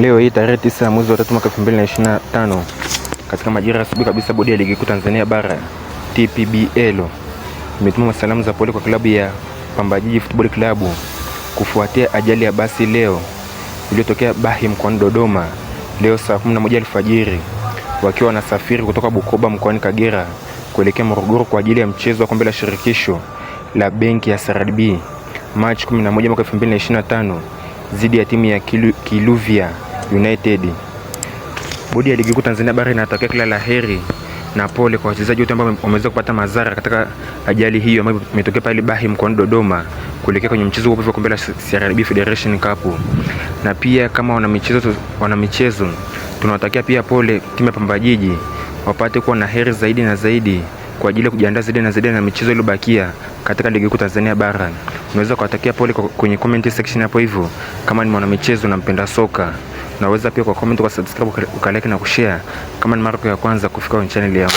Leo hii tarehe tisa ya mwezi wa tatu mwaka 2025 katika majira ya asubuhi kabisa, bodi ya ligi kuu Tanzania bara TPBL imetuma masalamu za pole kwa klabu ya Pamba Jiji Football Club kufuatia ajali ya basi leo iliyotokea Bahi mkoani Dodoma leo saa 11 alfajiri wakiwa wanasafiri kutoka Bukoba mkoani Kagera kuelekea Morogoro kwa ajili ya mchezo wa kombe la shirikisho la benki ya CRDB Machi 11 mwaka 2025 dhidi ya timu ya Kiluvia United. Bodi ya Ligi Kuu Tanzania Bara inatokea kila laheri na pole kwa wachezaji wote ambao wameweza kupata madhara katika ajali hiyo ambayo imetokea pale Bahi mkoani Dodoma kuelekea kwenye mchezo wa kombe la CRDB Federation Cup. Na pia kama wana michezo wana michezo tunawatakia pia pole timu ya Pamba Jiji wapate kuwa na heri zaidi na zaidi kwa ajili ya kujiandaa zaidi na zaidi na michezo iliyobakia katika ligi kuu Tanzania bara. Unaweza kuwatakia pole kwenye comment section hapo hivyo, kama ni mwanamichezo na mpenda soka. Unaweza pia kwa comment, kwa subscribe, ukalike na kushare kama ni mara ya kwanza kufika kwenye channel yangu.